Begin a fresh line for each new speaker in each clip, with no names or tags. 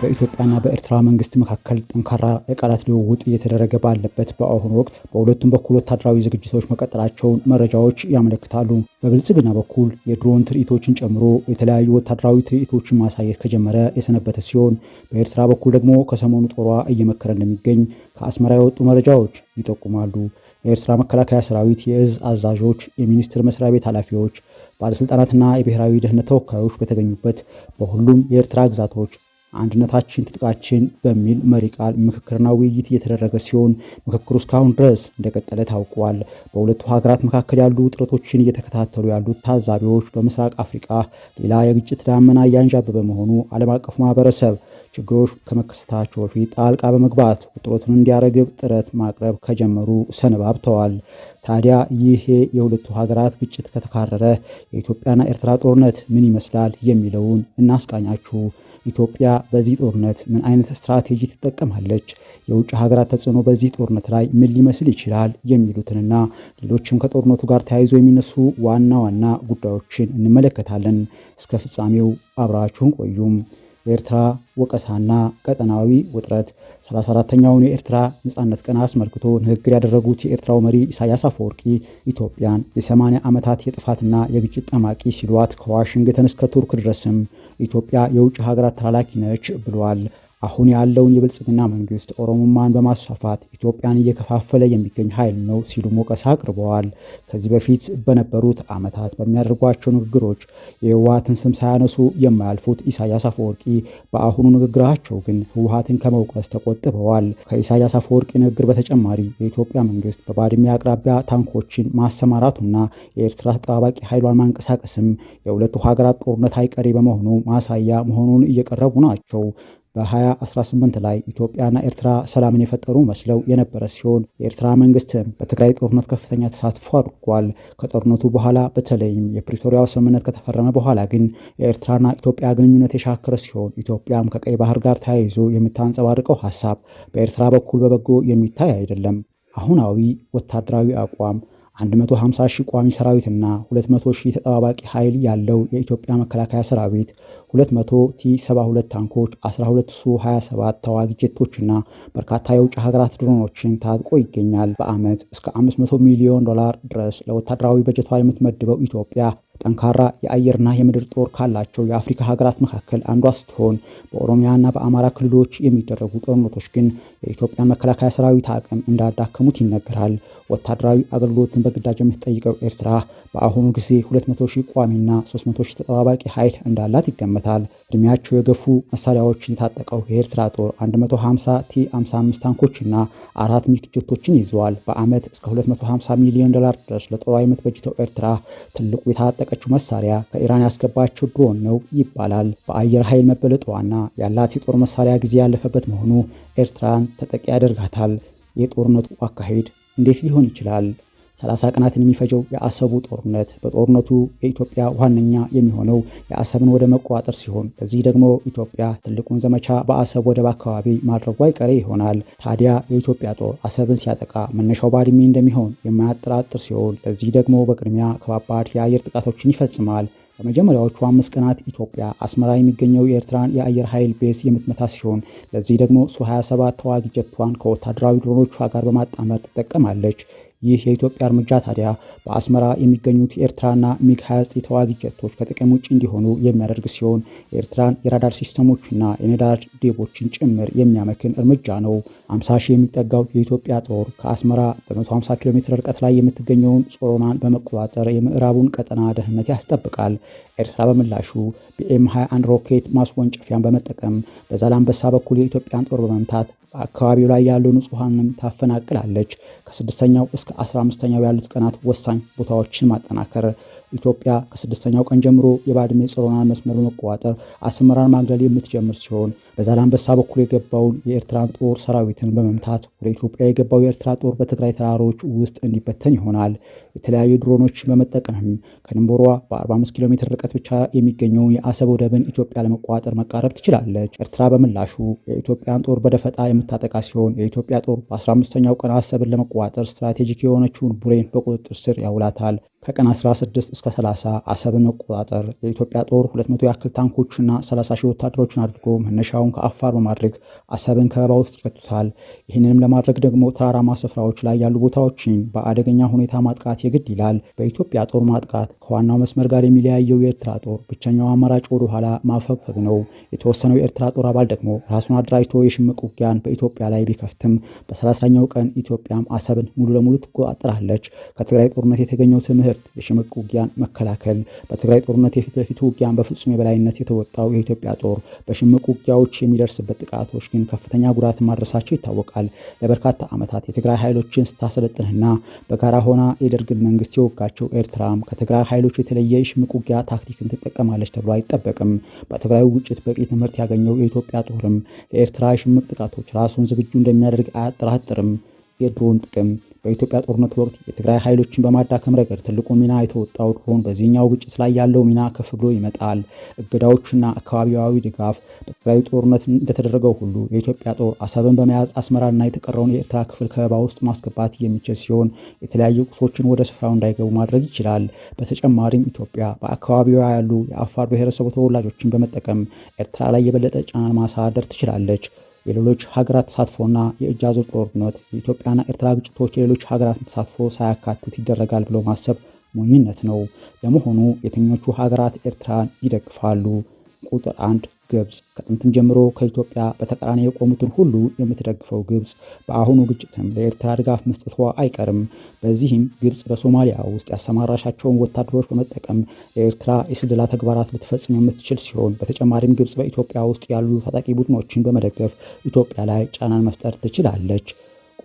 በኢትዮጵያና በኤርትራ መንግስት መካከል ጠንካራ የቃላት ልውውጥ እየተደረገ ባለበት በአሁኑ ወቅት በሁለቱም በኩል ወታደራዊ ዝግጅቶች መቀጠላቸውን መረጃዎች ያመለክታሉ። በብልጽግና በኩል የድሮን ትርኢቶችን ጨምሮ የተለያዩ ወታደራዊ ትርኢቶችን ማሳየት ከጀመረ የሰነበተ ሲሆን በኤርትራ በኩል ደግሞ ከሰሞኑ ጦሯ እየመከረ እንደሚገኝ ከአስመራ የወጡ መረጃዎች ይጠቁማሉ። የኤርትራ መከላከያ ሰራዊት የእዝ አዛዦች፣ የሚኒስቴር መስሪያ ቤት ኃላፊዎች፣ ባለስልጣናትና የብሔራዊ ደህንነት ተወካዮች በተገኙበት በሁሉም የኤርትራ ግዛቶች አንድነታችን ትጥቃችን በሚል መሪ ቃል ምክክርና ውይይት እየተደረገ ሲሆን ምክክሩ እስካሁን ድረስ እንደቀጠለ ታውቋል። በሁለቱ ሀገራት መካከል ያሉ ውጥረቶችን እየተከታተሉ ያሉት ታዛቢዎች በምስራቅ አፍሪቃ ሌላ የግጭት ዳመና እያንዣበበ በመሆኑ ዓለም አቀፉ ማህበረሰብ ችግሮች ከመከሰታቸው በፊት ጣልቃ በመግባት ውጥረቱን እንዲያረግብ ጥረት ማቅረብ ከጀመሩ ሰነባብተዋል። ታዲያ ይሄ የሁለቱ ሀገራት ግጭት ከተካረረ የኢትዮጵያና ኤርትራ ጦርነት ምን ይመስላል የሚለውን እናስቃኛችሁ። ኢትዮጵያ በዚህ ጦርነት ምን አይነት ስትራቴጂ ትጠቀማለች? የውጭ ሀገራት ተጽዕኖ በዚህ ጦርነት ላይ ምን ሊመስል ይችላል? የሚሉትንና ሌሎችም ከጦርነቱ ጋር ተያይዞ የሚነሱ ዋና ዋና ጉዳዮችን እንመለከታለን። እስከ ፍጻሜው አብራችሁን ቆዩም። የኤርትራ ወቀሳና ቀጠናዊ ውጥረት 34ተኛውን የኤርትራ ነጻነት ቀን አስመልክቶ ንግግር ያደረጉት የኤርትራው መሪ ኢሳያስ አፈወርቂ ኢትዮጵያን የ80 ዓመታት የጥፋትና የግጭት ጠማቂ ሲሏት ከዋሽንግተን እስከ ቱርክ ድረስም ኢትዮጵያ የውጭ ሀገራት ተላላኪ ነች ብለዋል። አሁን ያለውን የብልጽግና መንግስት ኦሮሞማን በማስፋፋት ኢትዮጵያን እየከፋፈለ የሚገኝ ኃይል ነው ሲሉ ሞቀሳ አቅርበዋል። ከዚህ በፊት በነበሩት ዓመታት በሚያደርጓቸው ንግግሮች የህወሀትን ስም ሳያነሱ የማያልፉት ኢሳያስ አፈወርቂ በአሁኑ ንግግራቸው ግን ህወሀትን ከመውቀስ ተቆጥበዋል። ከኢሳያስ አፈወርቂ ንግግር በተጨማሪ የኢትዮጵያ መንግስት በባድሜ አቅራቢያ ታንኮችን ማሰማራቱና የኤርትራ ተጠባባቂ ኃይሏን ማንቀሳቀስም የሁለቱ ሀገራት ጦርነት አይቀሬ በመሆኑ ማሳያ መሆኑን እየቀረቡ ናቸው። በ2018 ላይ ኢትዮጵያና ኤርትራ ሰላምን የፈጠሩ መስለው የነበረ ሲሆን የኤርትራ መንግስትም በትግራይ ጦርነት ከፍተኛ ተሳትፎ አድርጓል። ከጦርነቱ በኋላ በተለይም የፕሪቶሪያው ስምምነት ከተፈረመ በኋላ ግን የኤርትራና ኢትዮጵያ ግንኙነት የሻከረ ሲሆን ኢትዮጵያም ከቀይ ባህር ጋር ተያይዞ የምታንጸባርቀው ሀሳብ በኤርትራ በኩል በበጎ የሚታይ አይደለም። አሁናዊ ወታደራዊ አቋም 150 ሺህ ቋሚ ሰራዊትና 200 ሺህ ተጠባባቂ ኃይል ያለው የኢትዮጵያ መከላከያ ሰራዊት 200 ቲ72 ታንኮች፣ 12 ሱ27 ተዋጊ ጀቶችና በርካታ የውጭ ሀገራት ድሮኖችን ታጥቆ ይገኛል። በዓመት እስከ 500 ሚሊዮን ዶላር ድረስ ለወታደራዊ በጀቷ የምትመድበው ኢትዮጵያ ጠንካራ የአየርና የምድር ጦር ካላቸው የአፍሪካ ሀገራት መካከል አንዷ ስትሆን በኦሮሚያና በአማራ ክልሎች የሚደረጉ ጦርነቶች ግን የኢትዮጵያን መከላከያ ሰራዊት አቅም እንዳዳከሙት ይነገራል። ወታደራዊ አገልግሎትን በግዳጅ የምትጠይቀው ኤርትራ በአሁኑ ጊዜ 200 ሺህ ቋሚና 300 ሺህ ተጠባባቂ ኃይል እንዳላት ይገመታል። እድሜያቸው የገፉ መሳሪያዎችን የታጠቀው የኤርትራ ጦር 150 ቲ55 ታንኮችና አራት ሚግ ጀቶችን ይዘዋል። በዓመት እስከ 250 ሚሊዮን ዶላር ድረስ ለጦር በጅተው ኤርትራ ትልቁ የታጠቀ የታጠቀችው መሳሪያ ከኢራን ያስገባችው ድሮን ነው ይባላል። በአየር ኃይል መበለጠዋና ያላት የጦር መሳሪያ ጊዜ ያለፈበት መሆኑ ኤርትራን ተጠቂ ያደርጋታል። የጦርነቱ አካሄድ እንዴት ሊሆን ይችላል? 30 ቀናትን የሚፈጀው የአሰቡ ጦርነት በጦርነቱ የኢትዮጵያ ዋነኛ የሚሆነው የአሰብን ወደ መቆጣጠር ሲሆን በዚህ ደግሞ ኢትዮጵያ ትልቁን ዘመቻ በአሰብ ወደብ አካባቢ ማድረጉ አይቀሬ ይሆናል። ታዲያ የኢትዮጵያ ጦር አሰብን ሲያጠቃ መነሻው ባድሜ እንደሚሆን የማያጠራጥር ሲሆን ለዚህ ደግሞ በቅድሚያ ከባባድ የአየር ጥቃቶችን ይፈጽማል። በመጀመሪያዎቹ አምስት ቀናት ኢትዮጵያ አስመራ የሚገኘው የኤርትራን የአየር ኃይል ቤዝ የምትመታ ሲሆን ለዚህ ደግሞ ሱ 27 ተዋጊ ጀቷን ከወታደራዊ ድሮኖቿ ጋር በማጣመር ትጠቀማለች። ይህ የኢትዮጵያ እርምጃ ታዲያ በአስመራ የሚገኙት የኤርትራና ሚግ 29 ተዋጊ ጀቶች ከጥቅም ውጭ እንዲሆኑ የሚያደርግ ሲሆን የኤርትራን የራዳር ሲስተሞችና የነዳጅ ዴቦችን ጭምር የሚያመክን እርምጃ ነው። 50 ሺህ የሚጠጋው የኢትዮጵያ ጦር ከአስመራ በ150 ኪሎ ሜትር ርቀት ላይ የምትገኘውን ጾሮናን በመቆጣጠር የምዕራቡን ቀጠና ደህንነት ያስጠብቃል። ኤርትራ በምላሹ በኤም 21 ሮኬት ማስወንጨፊያን በመጠቀም በዛላንበሳ በኩል የኢትዮጵያን ጦር በመምታት በአካባቢው ላይ ያሉ ንጹሐንም ታፈናቅላለች። ከስድስተኛው እስከ አስራ አምስተኛው ያሉት ቀናት ወሳኝ ቦታዎችን ማጠናከር ኢትዮጵያ ከስድስተኛው ቀን ጀምሮ የባድሜ ጽሮናን መስመር በመቆጣጠር አስመራን ማግለል የምትጀምር ሲሆን በዛላንበሳ በኩል የገባውን የኤርትራን ጦር ሰራዊትን በመምታት ወደ ኢትዮጵያ የገባው የኤርትራ ጦር በትግራይ ተራሮች ውስጥ እንዲበተን ይሆናል። የተለያዩ ድሮኖችን በመጠቀምም ከድንበሯ በ45 ኪሎ ሜትር ርቀት ብቻ የሚገኘውን የአሰብ ወደብን ኢትዮጵያ ለመቆጣጠር መቃረብ ትችላለች። ኤርትራ በምላሹ የኢትዮጵያን ጦር በደፈጣ የምታጠቃ ሲሆን የኢትዮጵያ ጦር በ15ኛው ቀን አሰብን ለመቆጣጠር ስትራቴጂክ የሆነችውን ቡሬን በቁጥጥር ስር ያውላታል። ከቀን 16 እስከ 30 አሰብን መቆጣጠር የኢትዮጵያ ጦር 200 ያክል ታንኮችና 30 ሺህ ወታደሮችን አድርጎ መነሻውን ከአፋር በማድረግ አሰብን ከበባ ውስጥ ይከቱታል። ይህንንም ለማድረግ ደግሞ ተራራማ ስፍራዎች ላይ ያሉ ቦታዎችን በአደገኛ ሁኔታ ማጥቃት የግድ ይላል። በኢትዮጵያ ጦር ማጥቃት ከዋናው መስመር ጋር የሚለያየው የኤርትራ ጦር ብቸኛው አማራጭ ወደ ኋላ ማፈግፈግ ነው። የተወሰነው የኤርትራ ጦር አባል ደግሞ ራሱን አደራጅቶ የሽምቅ ውጊያን በኢትዮጵያ ላይ ቢከፍትም በሰላሳኛው ቀን ኢትዮጵያም አሰብን ሙሉ ለሙሉ ትቆጣጠራለች። ከትግራይ ጦርነት የተገኘው ትምህርት ሁለት የሽምቅ ውጊያን መከላከል በትግራይ ጦርነት የፊት ለፊት ውጊያን በፍጹም የበላይነት የተወጣው የኢትዮጵያ ጦር በሽምቅ ውጊያዎች የሚደርስበት ጥቃቶች ግን ከፍተኛ ጉዳት ማድረሳቸው ይታወቃል። ለበርካታ ዓመታት የትግራይ ኃይሎችን ስታሰለጥንና በጋራ ሆና የደርግን መንግስት የወጋቸው ኤርትራም ከትግራይ ኃይሎች የተለየ የሽምቅ ውጊያ ታክቲክን ትጠቀማለች ተብሎ አይጠበቅም። በትግራዩ ግጭት በቂ ትምህርት ያገኘው የኢትዮጵያ ጦርም ለኤርትራ የሽምቅ ጥቃቶች ራሱን ዝግጁ እንደሚያደርግ አያጠራጥርም። የድሮን ጥቅም በኢትዮጵያ ጦርነት ወቅት የትግራይ ኃይሎችን በማዳከም ረገድ ትልቁ ሚና የተወጣው ድሮን በዚህኛው ግጭት ላይ ያለው ሚና ከፍ ብሎ ይመጣል። እገዳዎችና አካባቢያዊ ድጋፍ በትግራይ ጦርነት እንደተደረገው ሁሉ የኢትዮጵያ ጦር አሰብን በመያዝ አስመራና የተቀረውን የኤርትራ ክፍል ከበባ ውስጥ ማስገባት የሚችል ሲሆን የተለያዩ ቁሶችን ወደ ስፍራው እንዳይገቡ ማድረግ ይችላል። በተጨማሪም ኢትዮጵያ በአካባቢዋ ያሉ የአፋር ብሔረሰቡ ተወላጆችን በመጠቀም ኤርትራ ላይ የበለጠ ጫና ማሳደር ትችላለች። የሌሎች ሀገራት ተሳትፎና የእጅ አዙር ጦርነት የኢትዮጵያና ኤርትራ ግጭቶች የሌሎች ሀገራትን ተሳትፎ ሳያካትት ይደረጋል ብሎ ማሰብ ሞኝነት ነው። ለመሆኑ የትኞቹ ሀገራት ኤርትራን ይደግፋሉ? ቁጥር አንድ ግብፅ ከጥንትም ጀምሮ ከኢትዮጵያ በተቃራኒ የቆሙትን ሁሉ የምትደግፈው ግብፅ በአሁኑ ግጭትም ለኤርትራ ድጋፍ መስጠቷ አይቀርም። በዚህም ግብፅ በሶማሊያ ውስጥ ያሰማራሻቸውን ወታደሮች በመጠቀም ለኤርትራ የስልላ ተግባራት ልትፈጽም የምትችል ሲሆን፣ በተጨማሪም ግብፅ በኢትዮጵያ ውስጥ ያሉ ታጣቂ ቡድኖችን በመደገፍ ኢትዮጵያ ላይ ጫናን መፍጠር ትችላለች።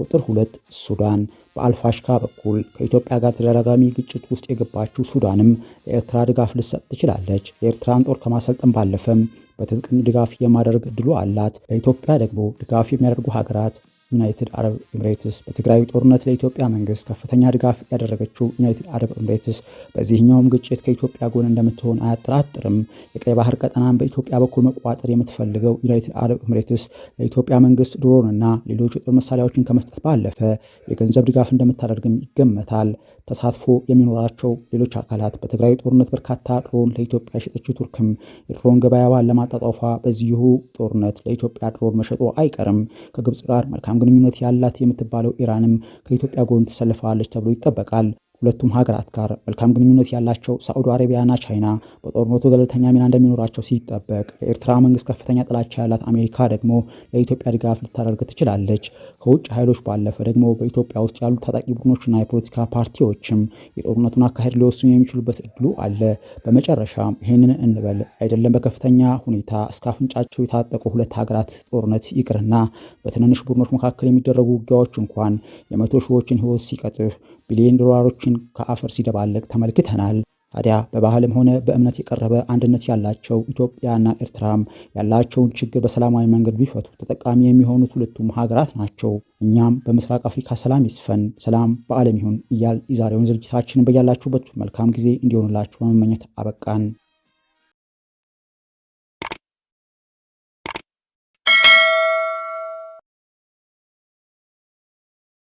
ቁጥር ሁለት ሱዳን በአልፋሽካ በኩል ከኢትዮጵያ ጋር ተደጋጋሚ ግጭት ውስጥ የገባችው ሱዳንም ለኤርትራ ድጋፍ ልትሰጥ ትችላለች። የኤርትራን ጦር ከማሰልጠን ባለፈም በትጥቅም ድጋፍ የማደርግ እድሉ አላት። ለኢትዮጵያ ደግሞ ድጋፍ የሚያደርጉ ሀገራት ዩናይትድ አረብ ኤምሬትስ በትግራዩ ጦርነት ለኢትዮጵያ መንግስት ከፍተኛ ድጋፍ ያደረገችው ዩናይትድ አረብ ኤምሬትስ በዚህኛውም ግጭት ከኢትዮጵያ ጎን እንደምትሆን አያጠራጥርም። የቀይ ባህር ቀጠናን በኢትዮጵያ በኩል መቋጠር የምትፈልገው ዩናይትድ አረብ ኤምሬትስ ለኢትዮጵያ መንግስት ድሮንና ሌሎች የጦር መሳሪያዎችን ከመስጠት ባለፈ የገንዘብ ድጋፍ እንደምታደርግም ይገመታል። ተሳትፎ የሚኖራቸው ሌሎች አካላት በትግራይ ጦርነት በርካታ ድሮን ለኢትዮጵያ የሸጠችው ቱርክም የድሮን ገበያዋን ለማጣጣፏ በዚሁ ጦርነት ለኢትዮጵያ ድሮን መሸጦ አይቀርም። ከግብፅ ጋር መልካም ግንኙነት ያላት የምትባለው ኢራንም ከኢትዮጵያ ጎን ትሰልፋለች ተብሎ ይጠበቃል። ሁለቱም ሀገራት ጋር መልካም ግንኙነት ያላቸው ሳዑዲ አረቢያና ቻይና በጦርነቱ ገለልተኛ ሚና እንደሚኖራቸው ሲጠበቅ፣ ለኤርትራ መንግስት ከፍተኛ ጥላቻ ያላት አሜሪካ ደግሞ ለኢትዮጵያ ድጋፍ ልታደርግ ትችላለች። ከውጭ ኃይሎች ባለፈ ደግሞ በኢትዮጵያ ውስጥ ያሉ ታጣቂ ቡድኖችና የፖለቲካ ፓርቲዎችም የጦርነቱን አካሄድ ሊወስኑ የሚችሉበት እድሉ አለ። በመጨረሻም ይህንን እንበል አይደለም በከፍተኛ ሁኔታ እስከ አፍንጫቸው የታጠቁ ሁለት ሀገራት ጦርነት ይቅርና በትንንሽ ቡድኖች መካከል የሚደረጉ ውጊያዎች እንኳን የመቶ ሺዎችን ህይወት ሲቀጥፍ ቢሊዮን ዶላሮችን ከአፈር ሲደባለቅ ተመልክተናል። ታዲያ በባህልም ሆነ በእምነት የቀረበ አንድነት ያላቸው ኢትዮጵያና ኤርትራም ያላቸውን ችግር በሰላማዊ መንገድ ቢፈቱ ተጠቃሚ የሚሆኑት ሁለቱም ሀገራት ናቸው። እኛም በምስራቅ አፍሪካ ሰላም ይስፈን፣ ሰላም በዓለም ይሁን እያል የዛሬውን ዝግጅታችንን በያላችሁበት መልካም ጊዜ እንዲሆንላችሁ በመመኘት አበቃን።